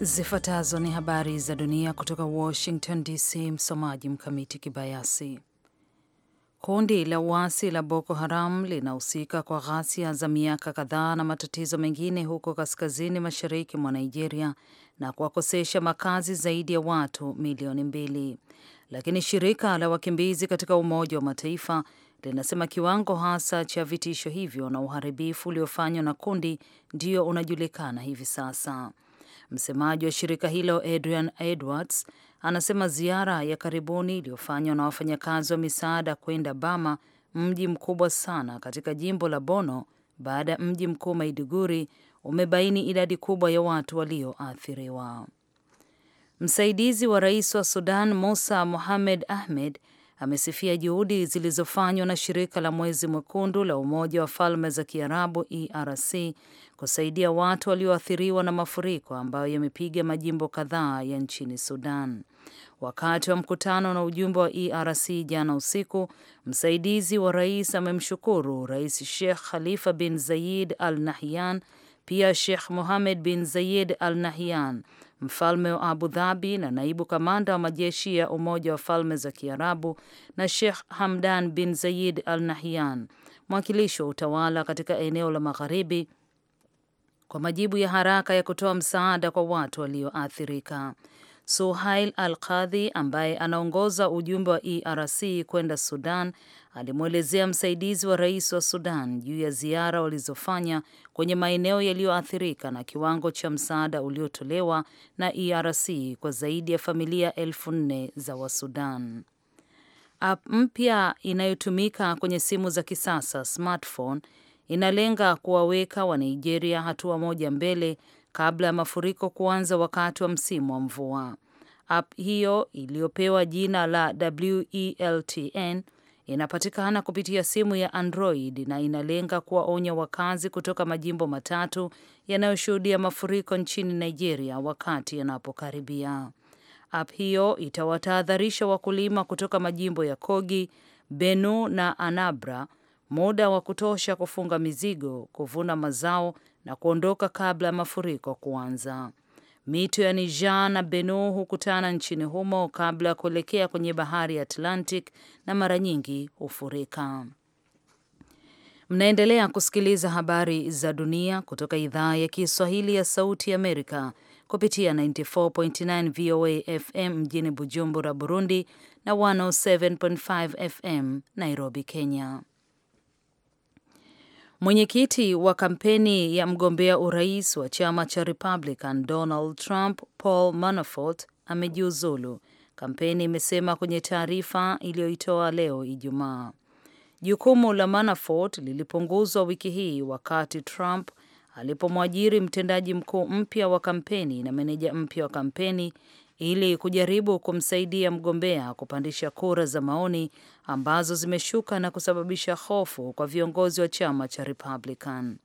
Zifuatazo ni habari za dunia kutoka Washington DC. Msomaji Mkamiti Kibayasi. Kundi la uasi la Boko Haram linahusika kwa ghasia za miaka kadhaa na matatizo mengine huko kaskazini mashariki mwa Nigeria na kuwakosesha makazi zaidi ya watu milioni mbili, lakini shirika la wakimbizi katika Umoja wa Mataifa linasema kiwango hasa cha vitisho hivyo na uharibifu uliofanywa na kundi ndio unajulikana hivi sasa. Msemaji wa shirika hilo Adrian Edwards anasema ziara ya karibuni iliyofanywa na wafanyakazi wa misaada kwenda Bama, mji mkubwa sana katika jimbo la Bono baada ya mji mkuu Maiduguri, umebaini idadi kubwa ya watu walioathiriwa. Msaidizi wa rais wa Sudan Musa Mohamed Ahmed amesifia juhudi zilizofanywa na shirika la Mwezi Mwekundu la Umoja wa Falme za Kiarabu ERC kusaidia watu walioathiriwa na mafuriko ambayo yamepiga majimbo kadhaa ya nchini Sudan. Wakati wa mkutano na ujumbe wa ERC jana usiku, msaidizi wa rais amemshukuru Rais Sheikh Khalifa bin Zayid Al Nahyan, pia Sheikh muhamed bin Zayid Al Nahyan mfalme wa Abu Dhabi na naibu kamanda wa majeshi ya Umoja wa Falme za Kiarabu, na Sheikh Hamdan bin Zayid Al Nahyan, mwakilishi wa utawala katika eneo la Magharibi, kwa majibu ya haraka ya kutoa msaada kwa watu walioathirika. Suhail Al Qadhi ambaye anaongoza ujumbe wa ERC kwenda Sudan alimwelezea msaidizi wa rais wa Sudan juu ya ziara walizofanya kwenye maeneo yaliyoathirika na kiwango cha msaada uliotolewa na ERC kwa zaidi ya familia elfu nne za Wasudan. App mpya inayotumika kwenye simu za kisasa smartphone inalenga kuwaweka Wanigeria hatua moja mbele kabla ya mafuriko kuanza wakati wa msimu wa mvua. App hiyo iliyopewa jina la WELTN Inapatikana kupitia simu ya Android na inalenga kuwaonya wakazi kutoka majimbo matatu yanayoshuhudia mafuriko nchini Nigeria wakati yanapokaribia. App hiyo itawatahadharisha wakulima kutoka majimbo ya Kogi, benu na Anambra muda wa kutosha kufunga mizigo, kuvuna mazao na kuondoka kabla ya mafuriko kuanza. Mito ya Niger na benu hukutana nchini humo kabla ya kuelekea kwenye bahari ya Atlantic na mara nyingi hufurika. Mnaendelea kusikiliza habari za dunia kutoka idhaa ya Kiswahili ya Sauti Amerika kupitia 94.9 VOA FM mjini Bujumbura, Burundi na 107.5 FM Nairobi, Kenya. Mwenyekiti wa kampeni ya mgombea urais wa chama cha Republican Donald Trump, Paul Manafort amejiuzulu, kampeni imesema kwenye taarifa iliyoitoa leo Ijumaa. Jukumu la Manafort lilipunguzwa wiki hii wakati Trump alipomwajiri mtendaji mkuu mpya wa kampeni na meneja mpya wa kampeni ili kujaribu kumsaidia mgombea kupandisha kura za maoni ambazo zimeshuka na kusababisha hofu kwa viongozi wa chama cha Republican.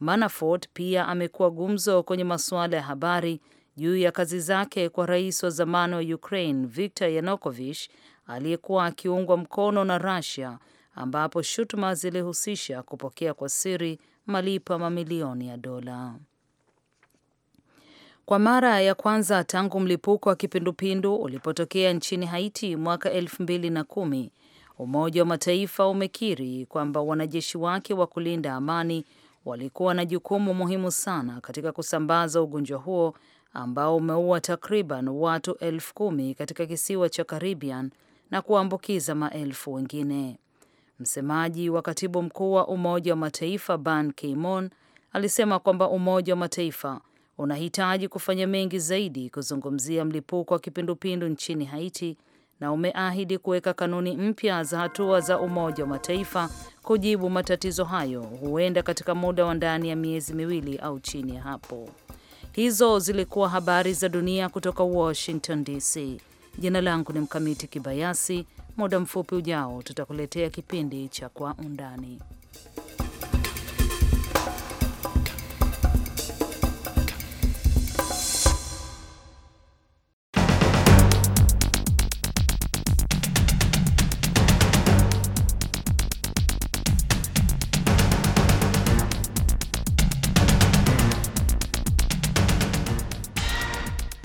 Manafort pia amekuwa gumzo kwenye masuala ya habari juu ya kazi zake kwa rais wa zamani wa Ukraine Viktor Yanukovych aliyekuwa akiungwa mkono na Russia, ambapo shutuma zilihusisha kupokea kwa siri malipo mamilioni ya dola. Kwa mara ya kwanza tangu mlipuko wa kipindupindu ulipotokea nchini Haiti mwaka elfu mbili na kumi, Umoja wa Mataifa umekiri kwamba wanajeshi wake wa kulinda amani walikuwa na jukumu muhimu sana katika kusambaza ugonjwa huo ambao umeua takriban watu elfu kumi katika kisiwa cha Caribbean na kuambukiza maelfu wengine. Msemaji wa katibu mkuu wa Umoja wa Mataifa Ban Ki-moon alisema kwamba Umoja wa Mataifa unahitaji kufanya mengi zaidi kuzungumzia mlipuko wa kipindupindu nchini Haiti na umeahidi kuweka kanuni mpya za hatua za Umoja wa Mataifa kujibu matatizo hayo, huenda katika muda wa ndani ya miezi miwili au chini ya hapo. Hizo zilikuwa habari za dunia kutoka Washington DC. Jina langu ni Mkamiti Kibayasi. Muda mfupi ujao, tutakuletea kipindi cha Kwa Undani.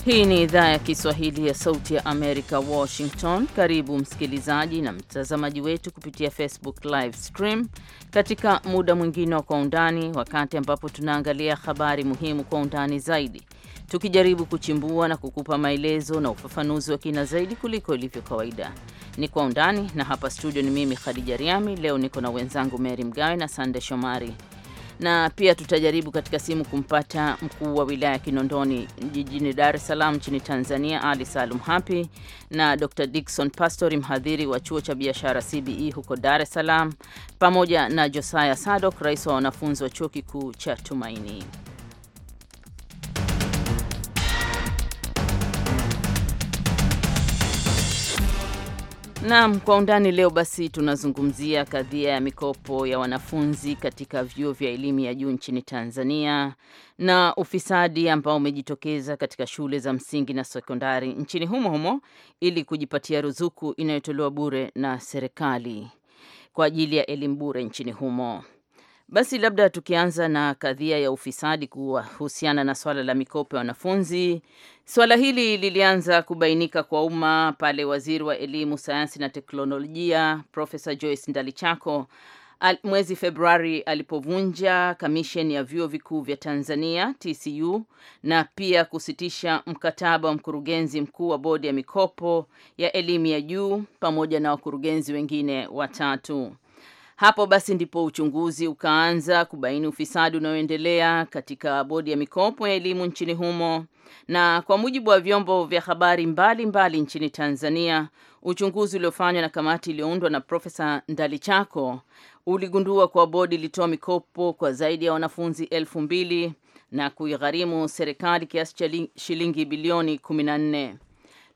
Hii ni idhaa ya Kiswahili ya Sauti ya Amerika, Washington. Karibu msikilizaji na mtazamaji wetu kupitia Facebook live stream katika muda mwingine wa Kwa Undani, wakati ambapo tunaangalia habari muhimu kwa undani zaidi, tukijaribu kuchimbua na kukupa maelezo na ufafanuzi wa kina zaidi kuliko ilivyo kawaida. Ni Kwa Undani, na hapa studio ni mimi Khadija Riami. Leo niko na wenzangu Mary Mgawe na Sande Shomari na pia tutajaribu katika simu kumpata mkuu wa wilaya ya Kinondoni jijini Dar es Salaam nchini Tanzania, Ali Salum Hapi na Dr Dickson Pastori, mhadhiri wa chuo cha biashara CBE huko Dar es Salaam, pamoja na josiah Sadok, rais wa wanafunzi wa chuo kikuu cha Tumaini. Naam, kwa undani leo basi tunazungumzia kadhia ya mikopo ya wanafunzi katika vyuo vya elimu ya juu nchini Tanzania na ufisadi ambao umejitokeza katika shule za msingi na sekondari nchini humo humo ili kujipatia ruzuku inayotolewa bure na serikali kwa ajili ya elimu bure nchini humo. Basi labda tukianza na kadhia ya ufisadi kuhusiana na swala la mikopo ya wanafunzi. Swala hili lilianza kubainika kwa umma pale waziri wa elimu, sayansi na teknolojia Profesa Joyce Ndalichako al, mwezi Februari alipovunja kamisheni ya vyuo vikuu vya Tanzania TCU na pia kusitisha mkataba wa mkurugenzi mkuu wa bodi ya mikopo ya elimu ya juu pamoja na wakurugenzi wengine watatu. Hapo basi ndipo uchunguzi ukaanza kubaini ufisadi unaoendelea katika bodi ya mikopo ya elimu nchini humo, na kwa mujibu wa vyombo vya habari mbalimbali nchini Tanzania, uchunguzi uliofanywa na kamati iliyoundwa na Profesa Ndalichako uligundua kuwa bodi ilitoa mikopo kwa zaidi ya wanafunzi elfu mbili na kuigharimu serikali kiasi cha shilingi bilioni 14.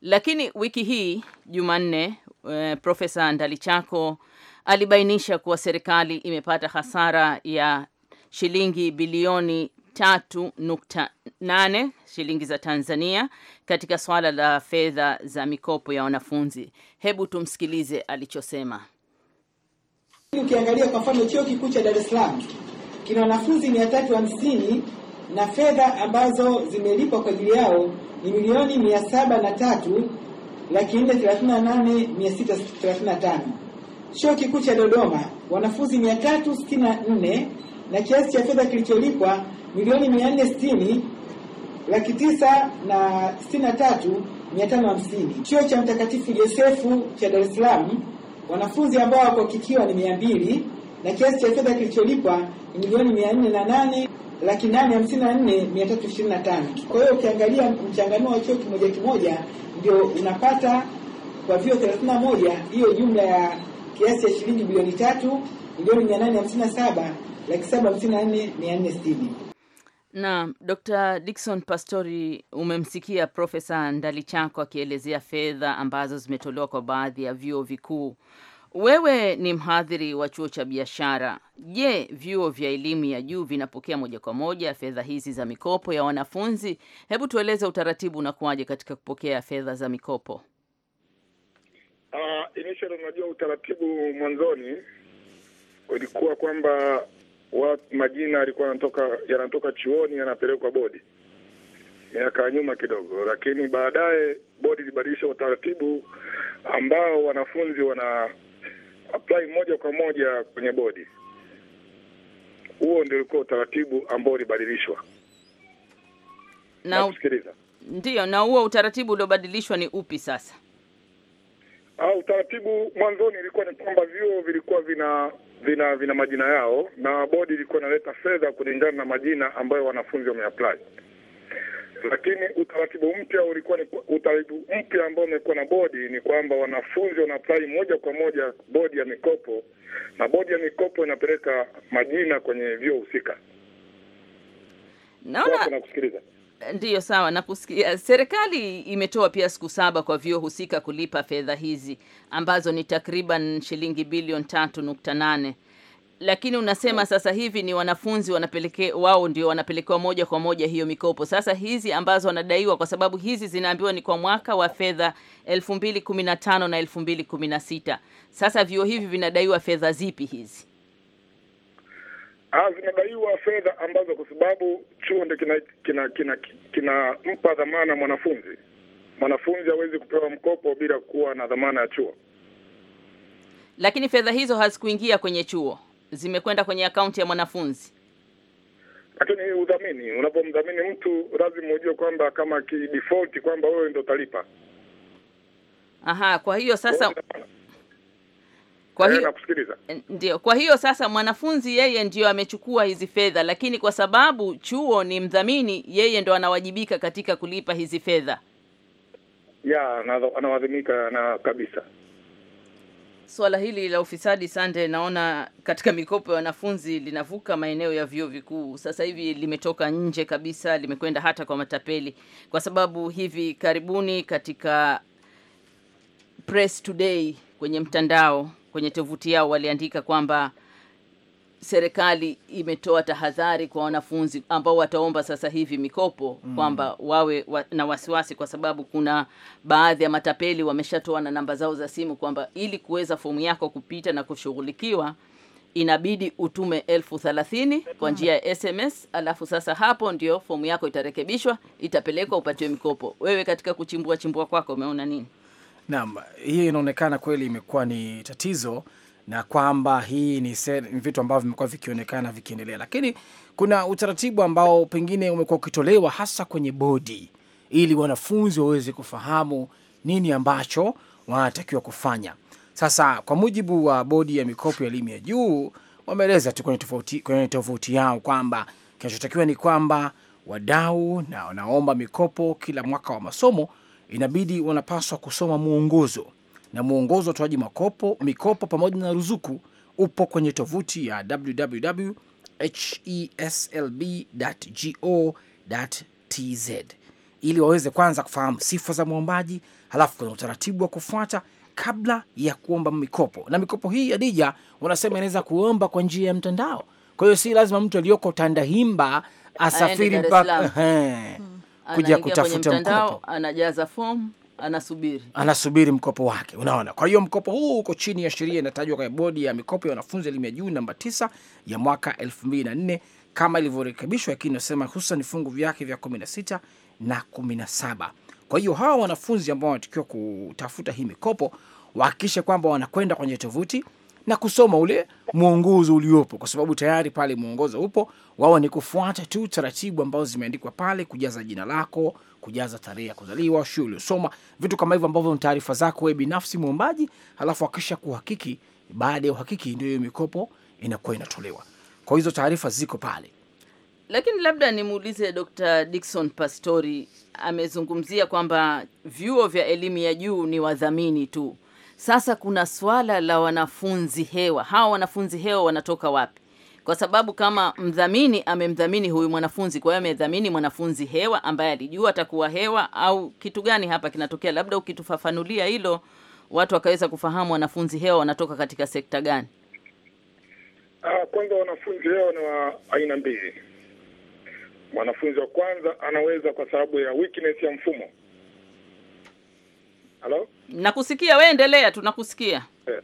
Lakini wiki hii Jumanne, eh, Profesa Ndalichako alibainisha kuwa serikali imepata hasara ya shilingi bilioni 3.8 shilingi za Tanzania katika swala la fedha za mikopo ya wanafunzi. Hebu tumsikilize alichosema. Ukiangalia kwa mfano chuo kikuu cha Dar es Salaam kina wanafunzi 350 na fedha ambazo zimelipwa kwa ajili yao ni milioni 703 laki 438 635 Chuo Kikuu cha Dodoma wanafunzi 364 na kiasi cha fedha kilicholipwa milioni 460 laki tisa na sitini tatu Chuo cha Mtakatifu Josefu cha Dar es Salaam wanafunzi ambao kikiwa ni mia na kiasi cha fedha kilicholipwa ni milioni mia na laki nane na Kwa hiyo ukiangalia mchanganuo wa chuo kimoja kimoja ndio unapata kwa vyuo 31 hiyo jumla ya kiasi ya shilingi bilioni tatu milioni mia nane hamsini na saba laki saba hamsini na nne mia nne sitini. Dr. Dickson Pastori, umemsikia Profesa Ndalichako akielezea fedha ambazo zimetolewa kwa baadhi ya vyuo vikuu. Wewe ni mhadhiri wa chuo cha biashara. Je, vyuo vya elimu ya juu vinapokea moja kwa moja fedha hizi za mikopo ya wanafunzi? Hebu tueleze utaratibu unakuwaje katika kupokea fedha za mikopo. Uh, initially unajua, utaratibu mwanzoni ulikuwa kwamba majina yalikuwa yanatoka yanatoka chuoni yanapelekwa bodi miaka ya nyuma kidogo, lakini baadaye bodi ilibadilisha utaratibu ambao wanafunzi wana apply moja kwa moja kwenye bodi. Huo ndio ulikuwa utaratibu ambao ulibadilishwa na, na, ndio na huo utaratibu uliobadilishwa ni upi sasa? Uh, utaratibu mwanzoni ilikuwa ni kwamba vyuo vilikuwa vina vina vina majina yao na bodi ilikuwa inaleta fedha kulingana na majina ambayo wanafunzi wameapply, lakini utaratibu mpya ulikuwa ni utaratibu mpya ambao umekuwa na bodi ni kwamba wanafunzi wanaapply moja kwa moja bodi ya mikopo, na bodi ya mikopo inapeleka majina kwenye vyuo husika. Naona Ndiyo, sawa nakusikia. Serikali imetoa pia siku saba kwa vyuo husika kulipa fedha hizi ambazo ni takriban shilingi bilioni tatu nukta nane lakini unasema sasa hivi ni wanafunzi wanapeleke wao ndio wanapelekewa moja kwa moja hiyo mikopo. Sasa hizi ambazo wanadaiwa, kwa sababu hizi zinaambiwa ni kwa mwaka wa fedha 2015 na 2016. Sasa vyuo hivi vinadaiwa fedha zipi hizi? Ah, zimedaiwa fedha ambazo kwa sababu chuo ndio kinampa kina, kina, kina, kina dhamana mwanafunzi. Mwanafunzi hawezi kupewa mkopo bila kuwa na dhamana ya chuo. Lakini fedha hizo hazikuingia kwenye chuo, zimekwenda kwenye akaunti ya mwanafunzi. Lakini udhamini, unapomdhamini mtu lazima ujue kwamba kama kidefault kwamba wewe ndio utalipa. Aha, kwa hiyo sasa kwa hiyo eh, ndio, kwa hiyo sasa mwanafunzi yeye ndio amechukua hizi fedha, lakini kwa sababu chuo ni mdhamini, yeye ndo anawajibika katika kulipa hizi fedha ya anawadhimika na kabisa. Swala hili la ufisadi sande, naona katika mikopo ya wanafunzi linavuka maeneo ya vyuo vikuu. Sasa hivi limetoka nje kabisa, limekwenda hata kwa matapeli, kwa sababu hivi karibuni katika Press Today kwenye mtandao kwenye tovuti yao waliandika kwamba serikali imetoa tahadhari kwa wanafunzi ambao wataomba sasa hivi mikopo mm, kwamba wawe wa, na wasiwasi kwa sababu kuna baadhi ya matapeli wameshatoa na namba zao za simu kwamba ili kuweza fomu yako kupita na kushughulikiwa inabidi utume elfu thelathini kwa mm. njia ya SMS, alafu sasa hapo ndio fomu yako itarekebishwa, itapelekwa upatiwe mikopo. Wewe katika kuchimbua chimbua kwako umeona nini? Naam, hii inaonekana kweli imekuwa ni tatizo na kwamba hii ni vitu ambavyo vimekuwa vikionekana vikiendelea, lakini kuna utaratibu ambao pengine umekuwa ukitolewa hasa kwenye bodi ili wanafunzi waweze kufahamu nini ambacho wanatakiwa kufanya. Sasa kwa mujibu wa bodi ya mikopo ya elimu ya juu wameeleza tu kwenye tofauti yao kwamba kinachotakiwa ni kwamba wadau na wanaomba mikopo kila mwaka wa masomo inabidi wanapaswa kusoma mwongozo, na mwongozo wa utoaji makopo mikopo pamoja na ruzuku upo kwenye tovuti ya www.heslb.go.tz ili waweze kwanza kufahamu sifa za mwombaji, halafu kuna utaratibu wa kufuata kabla ya kuomba mikopo. Na mikopo hii Adija, wanasema inaweza kuomba kwa njia ya mtandao, kwa hiyo si lazima mtu aliyoko Tandahimba asafiri mpaka kuja kutafuta mkopo, anajaza fomu anasubiri anasubiri mkopo wake, unaona. Kwa hiyo mkopo huu uko chini ya sheria inatajwa kwenye bodi ya mikopo ya wanafunzi elimu ya juu namba 9 ya mwaka 2004 kama ilivyorekebishwa, lakini inasema hususan vifungu vyake vya 16 na 17. Kwa hiyo hawa wanafunzi ambao wanatakiwa kutafuta hii mikopo wahakikishe kwamba wanakwenda kwenye tovuti na kusoma ule mwongozo uliopo, kwa sababu tayari pale mwongozo upo. Wao ni kufuata tu taratibu ambazo zimeandikwa pale, kujaza jina lako, kujaza tarehe ya kuzaliwa, shule uliosoma, vitu kama hivyo ambavyo ni taarifa zako wewe binafsi mwombaji, halafu akisha kuhakiki. Baada ya uhakiki, ndio hiyo mikopo inakuwa inatolewa. Kwa hizo taarifa ziko pale, lakini labda nimuulize Dr. Dickson Pastori, amezungumzia kwamba vyuo vya elimu ya juu ni wadhamini tu sasa kuna swala la wanafunzi hewa. Hawa wanafunzi hewa wanatoka wapi? Kwa sababu kama mdhamini amemdhamini huyu mwanafunzi, kwa hiyo amedhamini mwanafunzi hewa ambaye alijua atakuwa hewa, au kitu gani hapa kinatokea? Labda ukitufafanulia hilo, watu wakaweza kufahamu wanafunzi hewa wanatoka katika sekta gani. Ah, kwanza, wanafunzi hewa ni wa aina mbili. Mwanafunzi wa kwanza anaweza, kwa sababu ya weakness ya mfumo Halo, nakusikia wewe, endelea tu, nakusikia yeah.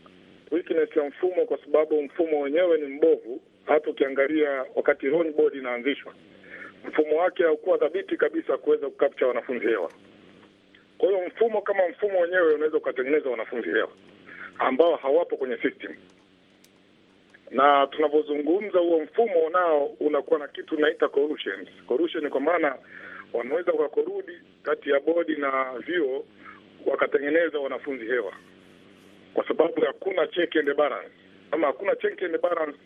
Weakness ya mfumo kwa sababu mfumo wenyewe ni mbovu. Hata ukiangalia wakati loan board inaanzishwa, mfumo wake haukuwa thabiti kabisa kuweza kukapcha wanafunzi hewa. Kwa hiyo mfumo kama mfumo wenyewe unaweza ukatengeneza wanafunzi hewa ambao hawapo kwenye system, na tunavyozungumza huo mfumo nao unakuwa na kitu naita corruption. Corruption kwa maana wanaweza wakakorudi kati ya bodi na vyuo wakatengeneza wanafunzi hewa, kwa sababu hakuna check and balance. ama hakuna check and balance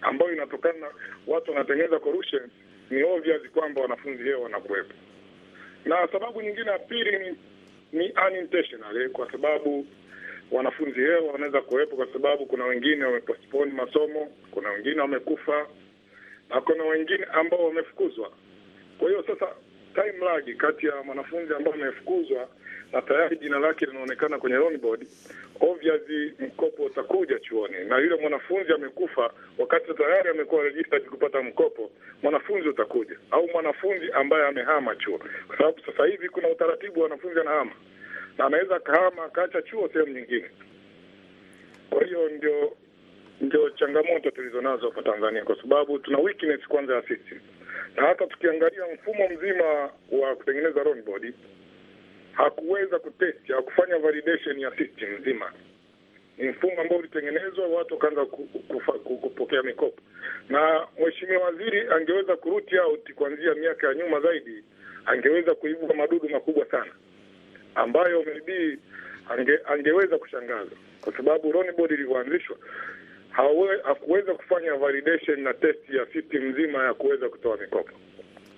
ambayo inatokana watu wanatengeneza corruption, ni obvious kwamba wanafunzi hewa wanakuwepo. Na sababu nyingine ya pili ni, ni unintentional, eh, kwa sababu wanafunzi hewa wanaweza kuwepo kwa sababu kuna wengine wamepostpone masomo, kuna wengine wamekufa na kuna wengine ambao wamefukuzwa. Kwa hiyo sasa time lag kati ya mwanafunzi ambao amefukuzwa na tayari jina lake linaonekana kwenye loan board, obviously mkopo utakuja chuoni, na yule mwanafunzi amekufa wakati tayari amekuwa registered kupata mkopo, mwanafunzi utakuja au mwanafunzi ambaye amehama chuo, kwa sababu sasa hivi kuna utaratibu wa wanafunzi anahama na anaweza akahama akaacha chuo sehemu nyingine. Kwa hiyo ndio ndio changamoto tulizo nazo hapa Tanzania, kwa sababu tuna weakness kwanza ya system, na hata tukiangalia mfumo mzima wa kutengeneza loan hakuweza kutest, kufanya validation ya system nzima. Ni mfumo ambao ulitengenezwa, watu wakaanza kupokea mikopo, na mheshimiwa waziri angeweza kuruti out kuanzia miaka ya nyuma zaidi, angeweza kuibua madudu makubwa sana ambayo maybe ange, angeweza kushangaza kwa sababu loan board ilivyoanzishwa hakuweza kufanya validation na test ya system nzima ya kuweza kutoa mikopo.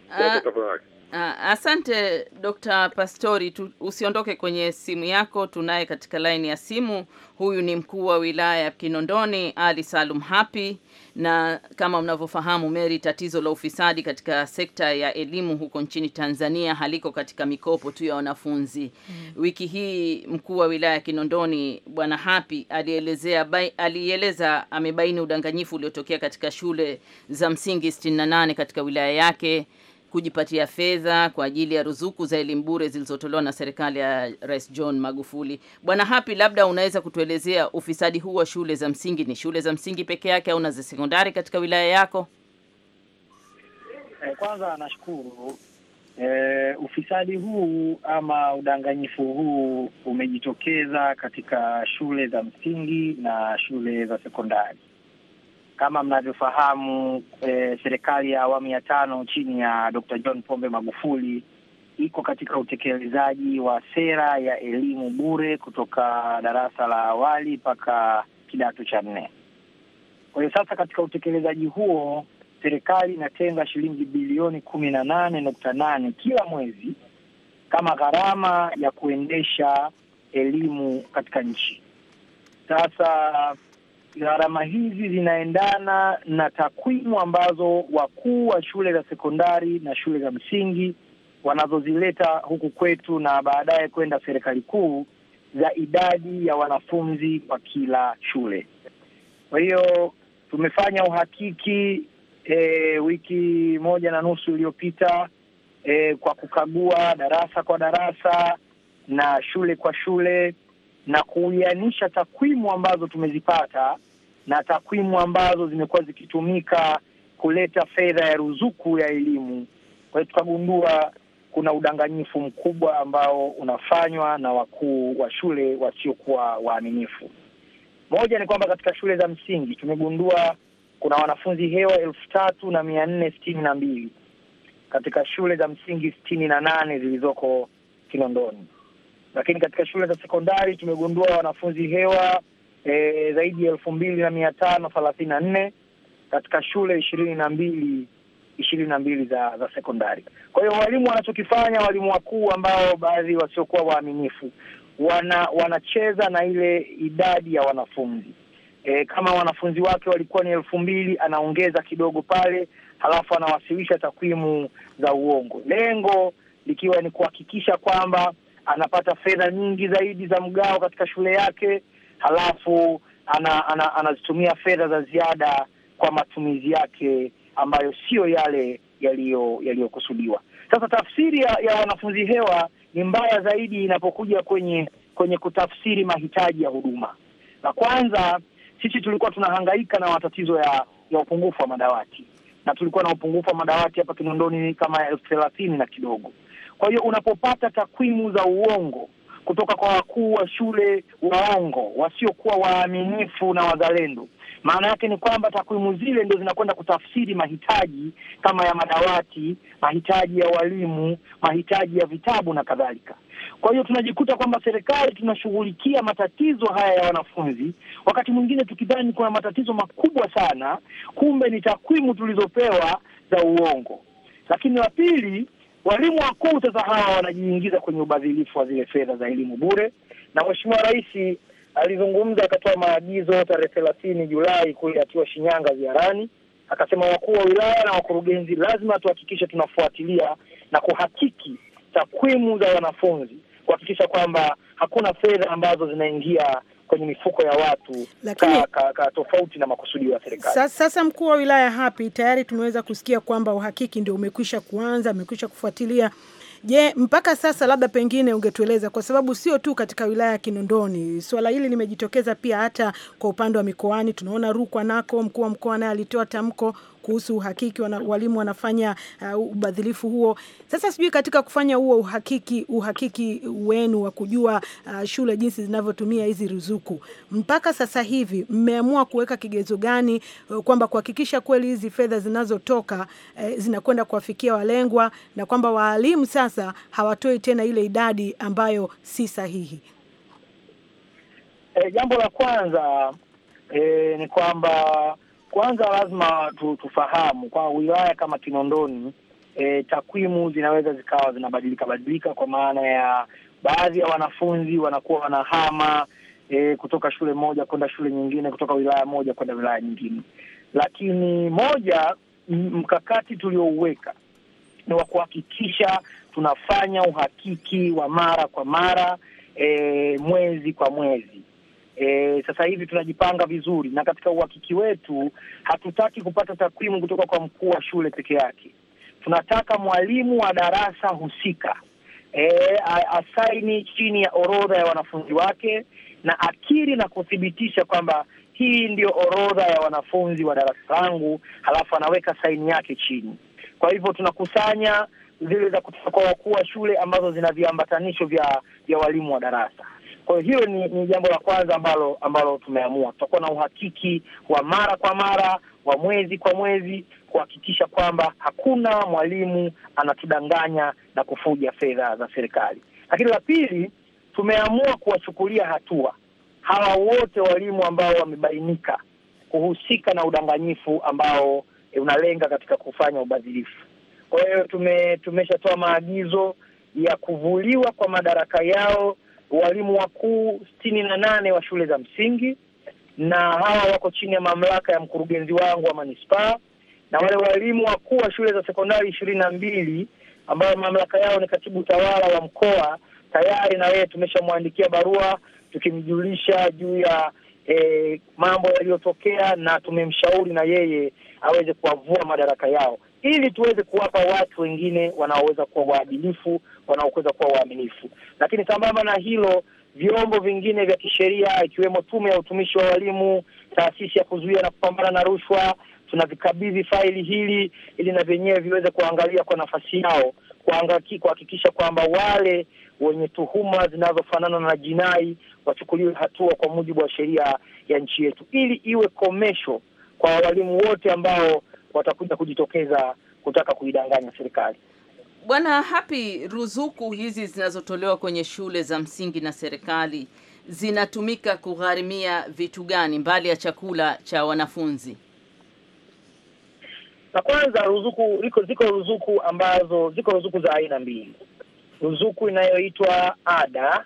Uh, Ah, asante Dr. Pastori tu, usiondoke kwenye simu yako. Tunaye katika laini ya simu, huyu ni mkuu wa wilaya ya Kinondoni Ali Salum Hapi, na kama mnavyofahamu Meri, tatizo la ufisadi katika sekta ya elimu huko nchini Tanzania haliko katika mikopo tu ya wanafunzi mm. Wiki hii mkuu wa wilaya ya Kinondoni Bwana Hapi alielezea alieleza amebaini udanganyifu uliotokea katika shule za msingi 68 katika wilaya yake kujipatia fedha kwa ajili ya ruzuku za elimu bure zilizotolewa na serikali ya Rais John Magufuli. Bwana Hapi, labda unaweza kutuelezea ufisadi huu wa shule za msingi, ni shule za msingi peke yake au na za sekondari katika wilaya yako? Eh, kwanza nashukuru E, ufisadi huu ama udanganyifu huu umejitokeza katika shule za msingi na shule za sekondari. Kama mnavyofahamu e, serikali ya awamu ya tano chini ya Dr. John Pombe Magufuli iko katika utekelezaji wa sera ya elimu bure kutoka darasa la awali mpaka kidato cha nne. Kwa hiyo sasa, katika utekelezaji huo serikali inatenga shilingi bilioni kumi na nane nukta nane kila mwezi kama gharama ya kuendesha elimu katika nchi. Sasa gharama hizi zinaendana na takwimu ambazo wakuu wa shule za sekondari na shule za msingi wanazozileta huku kwetu na baadaye kwenda serikali kuu za idadi ya wanafunzi kwa kila shule. Kwa hiyo tumefanya uhakiki e, wiki moja na nusu iliyopita e, kwa kukagua darasa kwa darasa na shule kwa shule na kuuianisha takwimu ambazo tumezipata na takwimu ambazo zimekuwa zikitumika kuleta fedha ya ruzuku ya elimu. Kwa hiyo tukagundua kuna udanganyifu mkubwa ambao unafanywa na wakuu wa shule wasiokuwa waaminifu. Moja ni kwamba katika shule za msingi tumegundua kuna wanafunzi hewa elfu tatu na mia nne sitini na mbili katika shule za msingi sitini na nane zilizoko Kinondoni lakini katika shule za sekondari tumegundua wanafunzi hewa e, zaidi ya elfu mbili na mia tano thelathini na nne katika shule ishirini na mbili ishirini na mbili za za sekondari. Kwa hiyo walimu wanachokifanya, walimu wakuu ambao baadhi wasiokuwa waaminifu wana wanacheza na ile idadi ya wanafunzi e, kama wanafunzi wake walikuwa ni elfu mbili anaongeza kidogo pale, halafu anawasilisha takwimu za uongo, lengo likiwa ni kuhakikisha kwamba anapata fedha nyingi zaidi za mgao katika shule yake, halafu ana, anazitumia ana fedha za ziada kwa matumizi yake ambayo siyo yale yaliyokusudiwa. Sasa tafsiri ya, ya wanafunzi hewa ni mbaya zaidi inapokuja kwenye kwenye kutafsiri mahitaji ya huduma. la kwanza sisi tulikuwa tunahangaika na matatizo ya, ya upungufu wa madawati na tulikuwa na upungufu wa madawati hapa Kinondoni kama elfu thelathini na kidogo kwa hiyo unapopata takwimu za uongo kutoka kwa wakuu wa shule waongo, wasiokuwa waaminifu na wazalendo, maana yake ni kwamba takwimu zile ndio zinakwenda kutafsiri mahitaji kama ya madawati, mahitaji ya walimu, mahitaji ya vitabu na kadhalika. Kwa hiyo tunajikuta kwamba serikali tunashughulikia matatizo haya ya wanafunzi, wakati mwingine tukidhani kuna matatizo makubwa sana, kumbe ni takwimu tulizopewa za uongo. Lakini la pili Walimu wakuu sasa hawa wanajiingiza kwenye ubadhilifu wa zile fedha za elimu bure, na Mheshimiwa Rais alizungumza akatoa maagizo tarehe thelathini Julai kule akiwa Shinyanga ziarani, akasema wakuu wa wilaya na wakurugenzi lazima tuhakikishe tunafuatilia na kuhakiki takwimu za wanafunzi kuhakikisha kwamba hakuna fedha ambazo zinaingia kwenye mifuko ya watu Lakini, ka, ka, ka tofauti na makusudio ya serikali. Sasa, mkuu wa wilaya Hapi, tayari tumeweza kusikia kwamba uhakiki ndio umekwisha kuanza, umekwisha kufuatilia. Je, mpaka sasa labda pengine ungetueleza kwa sababu sio tu katika wilaya ya Kinondoni swala hili limejitokeza, pia hata kwa upande wa mikoani tunaona Rukwa nako mkuu wa mkoa naye alitoa tamko kuhusu uhakiki wana, walimu wanafanya uh, ubadhilifu huo. Sasa sijui katika kufanya huo uhakiki uhakiki wenu wa kujua uh, shule jinsi zinavyotumia hizi ruzuku, mpaka sasa hivi mmeamua kuweka kigezo gani uh, kwamba kuhakikisha kweli hizi fedha zinazotoka uh, zinakwenda kuwafikia walengwa na kwamba waalimu sasa hawatoi tena ile idadi ambayo si sahihi? E, jambo la kwanza e, ni kwamba kwanza lazima tu, tufahamu kwa wilaya kama Kinondoni e, takwimu zinaweza zikawa zinabadilika badilika, kwa maana ya baadhi ya wanafunzi wanakuwa wanahama e, kutoka shule moja kwenda shule nyingine, kutoka wilaya moja kwenda wilaya nyingine. Lakini moja mkakati tuliouweka ni wa kuhakikisha tunafanya uhakiki wa mara kwa mara e, mwezi kwa mwezi E, sasa hivi tunajipanga vizuri, na katika uhakiki wetu hatutaki kupata takwimu kutoka kwa mkuu wa shule peke yake. Tunataka mwalimu wa darasa husika e, asaini chini ya orodha ya wanafunzi wake na akiri na kuthibitisha kwamba hii ndio orodha ya wanafunzi wa darasa langu, halafu anaweka saini yake chini. Kwa hivyo tunakusanya zile za kutoka kwa wakuu wa shule ambazo zina viambatanisho vya, vya walimu wa darasa kwa hiyo hilo ni, ni jambo la kwanza ambalo ambalo tumeamua, tutakuwa na uhakiki wa mara kwa mara wa mwezi kwa mwezi kuhakikisha kwamba hakuna mwalimu anatudanganya na kufuja fedha za serikali. Lakini la pili, tumeamua kuwachukulia hatua hawa wote walimu ambao wamebainika kuhusika na udanganyifu ambao e, unalenga katika kufanya ubadhirifu. Kwa hiyo tume- tumeshatoa maagizo ya kuvuliwa kwa madaraka yao walimu wakuu sitini na nane wa shule za msingi, na hawa wako chini ya mamlaka ya mkurugenzi wangu wa manispaa, na wale walimu wakuu wa shule za sekondari ishirini na mbili ambayo mamlaka yao ni katibu tawala wa mkoa, tayari na yeye tumeshamwandikia barua tukimjulisha juu ya eh, mambo yaliyotokea, na tumemshauri na yeye aweze kuwavua madaraka yao ili tuweze kuwapa watu wengine wanaoweza kuwa waadilifu wanaokuweza kuwa waaminifu. Lakini sambamba na hilo, vyombo vingine vya kisheria ikiwemo Tume ya Utumishi wa Walimu, Taasisi ya Kuzuia na Kupambana na Rushwa, tunavikabidhi faili hili ili na vyenyewe viweze kuangalia kwa nafasi yao, kuhakikisha kwamba wale wenye tuhuma zinazofanana na jinai wachukuliwe hatua kwa mujibu wa sheria ya nchi yetu, ili iwe komesho kwa walimu wote ambao watakuja kujitokeza kutaka kuidanganya serikali. Bwana Hapi, ruzuku hizi zinazotolewa kwenye shule za msingi na serikali zinatumika kugharimia vitu gani mbali ya chakula cha wanafunzi? Na kwanza ruzuku iko, ziko ruzuku ambazo ziko ruzuku za aina mbili, ruzuku inayoitwa ada,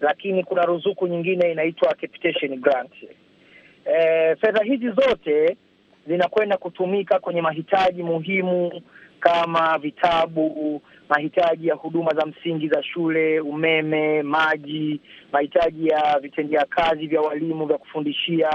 lakini kuna ruzuku nyingine inaitwa capitation grant. E, fedha hizi zote zinakwenda kutumika kwenye mahitaji muhimu kama vitabu, mahitaji ya huduma za msingi za shule, umeme, maji, mahitaji ya vitendea kazi vya walimu vya kufundishia,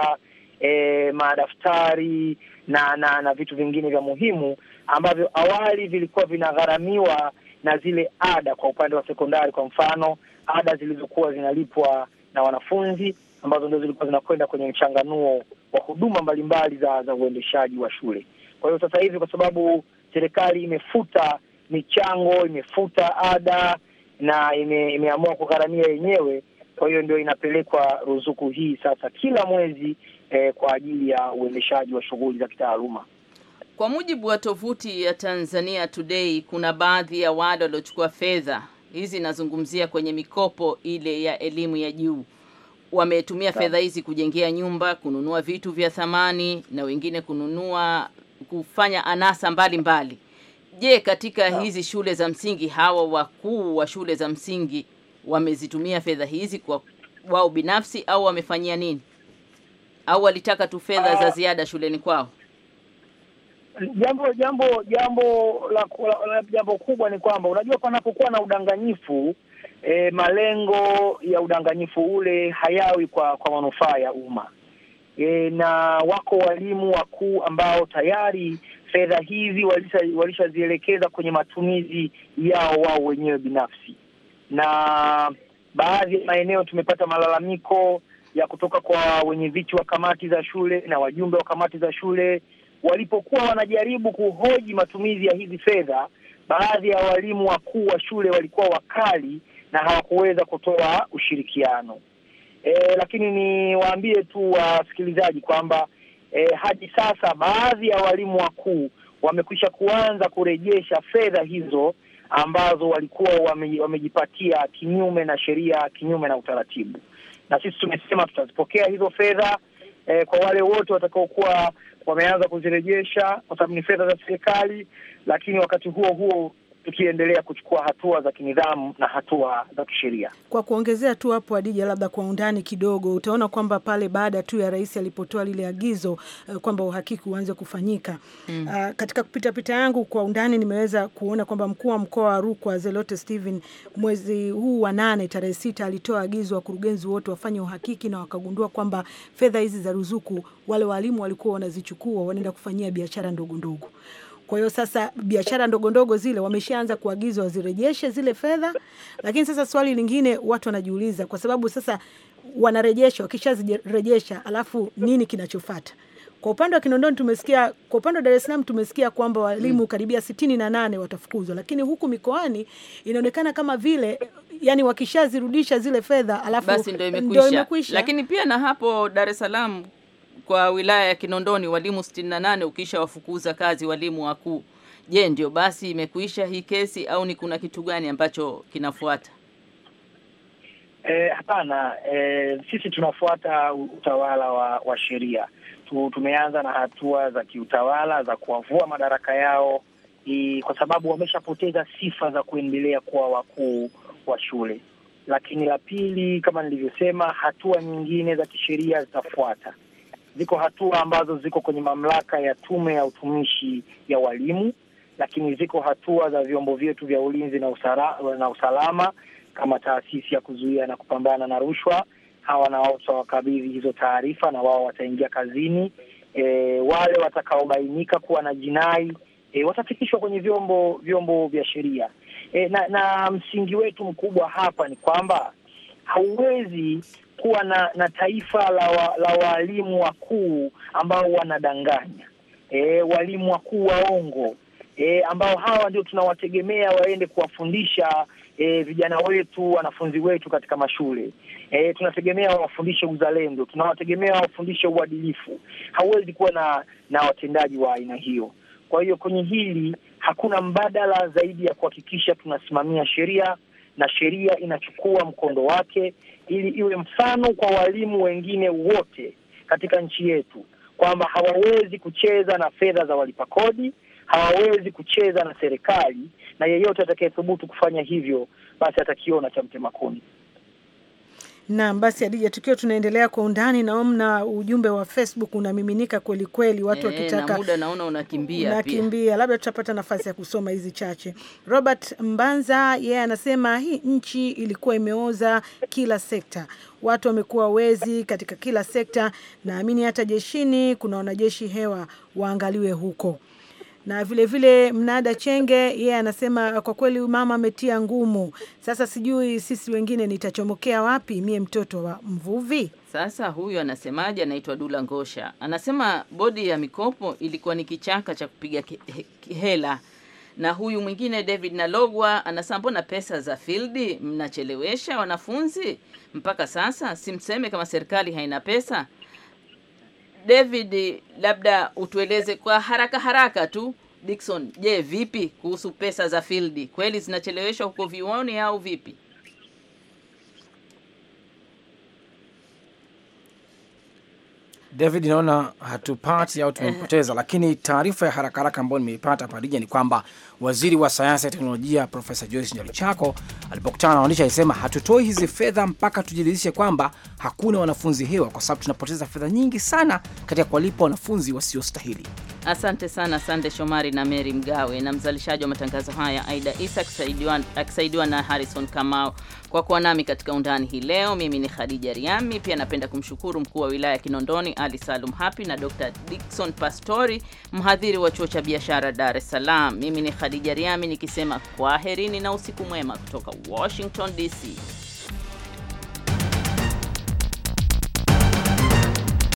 e, madaftari na, na na vitu vingine vya muhimu ambavyo awali vilikuwa vinagharamiwa na zile ada kwa upande wa sekondari. Kwa mfano, ada zilizokuwa zinalipwa na wanafunzi ambazo ndio zilikuwa zinakwenda kwenye mchanganuo wa huduma mbalimbali za za uendeshaji wa shule. Kwa hiyo sasa hivi, kwa sababu serikali imefuta michango, imefuta ada na ime, imeamua kugharamia yenyewe. Kwa hiyo ndio inapelekwa ruzuku hii sasa kila mwezi eh, kwa ajili ya uendeshaji wa shughuli za kitaaluma. Kwa mujibu wa tovuti ya Tanzania Today, kuna baadhi ya wada waliochukua fedha hizi, nazungumzia kwenye mikopo ile ya elimu ya juu, wametumia fedha hizi kujengea nyumba, kununua vitu vya thamani na wengine kununua kufanya anasa mbalimbali. Je, katika no. hizi shule za msingi hawa wakuu wa shule za msingi wamezitumia fedha hizi kwa wao binafsi au wamefanyia nini? Au walitaka tu fedha za ziada shuleni kwao? Jambo jambo jambo la, la, la jambo kubwa ni kwamba unajua, panapokuwa na udanganyifu e, malengo ya udanganyifu ule hayawi kwa kwa manufaa ya umma e, na wako walimu wakuu ambao tayari fedha hizi walishazielekeza kwenye matumizi yao wao wenyewe binafsi, na baadhi ya maeneo tumepata malalamiko ya kutoka kwa wenyeviti wa kamati za shule na wajumbe wa kamati za shule walipokuwa wanajaribu kuhoji matumizi ya hizi fedha. Baadhi ya walimu wakuu wa shule walikuwa wakali na hawakuweza kutoa ushirikiano e, lakini niwaambie tu wasikilizaji kwamba e, hadi sasa baadhi ya walimu wakuu wamekwisha kuanza kurejesha fedha hizo ambazo walikuwa wame, wamejipatia kinyume na sheria, kinyume na utaratibu, na sisi tumesema tutazipokea hizo fedha e, kwa wale wote watakaokuwa wameanza kuzirejesha, kwa sababu ni fedha za serikali. Lakini wakati huo huo tukiendelea kuchukua hatua za kinidhamu na hatua za kisheria. Kwa kuongezea tu hapo, Adija, labda kwa undani kidogo, utaona kwamba pale baada tu ya rais alipotoa lile agizo eh, kwamba uhakiki uanze kufanyika mm. uh, katika kupitapita yangu kwa undani nimeweza kuona kwamba mkuu wa mkoa wa Rukwa Zelote Steven mwezi huu wa nane tarehe sita alitoa agizo wakurugenzi wote wafanye uhakiki na wakagundua kwamba fedha hizi za ruzuku wale walimu walikuwa wanazichukua wanaenda kufanyia biashara ndogo ndogo. Kwa hiyo sasa biashara ndogo ndogo zile wameshaanza kuagizwa wazirejeshe zile fedha, lakini sasa swali lingine watu wanajiuliza, kwa sababu sasa wanarejesha, wakishazirejesha alafu nini kinachofata? Kwa upande wa Kinondoni tumesikia, kwa upande wa Dar es Salaam tumesikia kwamba walimu mm. karibia sitini na nane watafukuzwa, lakini huku mikoani inaonekana kama vile yani wakishazirudisha zile fedha alafu basi ndio imekwisha. Lakini pia na hapo Dar es Salaam kwa wilaya ya Kinondoni walimu 68 ukisha wafukuza kazi walimu wakuu. Je, ndio basi imekuisha hii kesi au ni kuna kitu gani ambacho kinafuata? E, hapana, e, e, sisi tunafuata utawala wa, wa sheria tu. Tumeanza na hatua za kiutawala za kuwavua madaraka yao i, kwa sababu wameshapoteza sifa za kuendelea kuwa wakuu wa shule. Lakini la pili, kama nilivyosema, hatua nyingine za kisheria zitafuata ziko hatua ambazo ziko kwenye mamlaka ya Tume ya Utumishi ya Walimu, lakini ziko hatua za vyombo vyetu vya ulinzi na usalama, na usalama kama taasisi ya kuzuia na kupambana na rushwa. Hawa na wao tutawakabidhi hizo taarifa na wao wataingia kazini. E, wale watakaobainika kuwa na jinai e, watafikishwa kwenye vyombo vyombo vya sheria. E, na, na msingi wetu mkubwa hapa ni kwamba hauwezi kuwa na, na taifa la waalimu la wakuu ambao wanadanganya e, walimu wakuu waongo e, ambao hawa ndio tunawategemea waende kuwafundisha e, vijana wetu wanafunzi wetu katika mashule e, tunategemea wawafundishe uzalendo, tunawategemea wawafundishe uadilifu. Hauwezi kuwa na na watendaji wa aina hiyo. Kwa hiyo kwenye hili hakuna mbadala zaidi ya kuhakikisha tunasimamia sheria na sheria inachukua mkondo wake ili iwe mfano kwa walimu wengine wote katika nchi yetu kwamba hawawezi kucheza na fedha za walipa kodi, hawawezi kucheza na serikali, na yeyote atakayethubutu kufanya hivyo basi atakiona cha mtemakoni Naam, basi Adija, tukiwa tunaendelea kwa undani, naona ujumbe wa Facebook unamiminika kweli kweli, watu eh, wakitaka na muda naona unakimbia, unakimbia. Labda tutapata nafasi ya kusoma hizi chache. Robert Mbanza yeye, yeah, anasema hii nchi ilikuwa imeoza kila sekta, watu wamekuwa wezi katika kila sekta. Naamini hata jeshini kuna wanajeshi hewa, waangaliwe huko na vile vile Mnada Chenge yeye yeah, anasema kwa kweli mama ametia ngumu. Sasa sijui sisi wengine nitachomokea wapi, mie mtoto wa mvuvi. Sasa huyu anasemaje? Anaitwa Dula Ngosha, anasema bodi ya mikopo ilikuwa ni kichaka cha kupiga hela. Na huyu mwingine David Nalogwa anasema mbona pesa za fildi mnachelewesha wanafunzi mpaka sasa? Simseme kama serikali haina pesa David, labda utueleze kwa haraka haraka tu Dickson, je, vipi kuhusu pesa za field? Kweli zinacheleweshwa huko vioni au vipi? David, naona hatupati au tumempoteza, eh. lakini taarifa ya haraka haraka ambayo nimeipata Parija ni kwamba waziri wa sayansi ya teknolojia Profesa Joyce Ndalichako alipokutana na waandishi alisema, hatutoi hizi fedha mpaka tujiridhishe kwamba hakuna wanafunzi hewa, kwa sababu tunapoteza fedha nyingi sana katika kuwalipa wanafunzi wasiostahili. Asante sana Sande Shomari na Mary Mgawe na mzalishaji wa matangazo haya Aida Isa akisaidiwa na Harrison Kamau kwa kuwa nami katika undani hii leo. Mimi ni Khadija Riami. Pia napenda kumshukuru mkuu wa wilaya ya Kinondoni Ali Salum Hapi na Dr. dikson Pastori, mhadhiri wa chuo cha biashara Dar es Salaam. Mimi ni Khadija Riami nikisema kwaherini na usiku mwema kutoka Washington DC.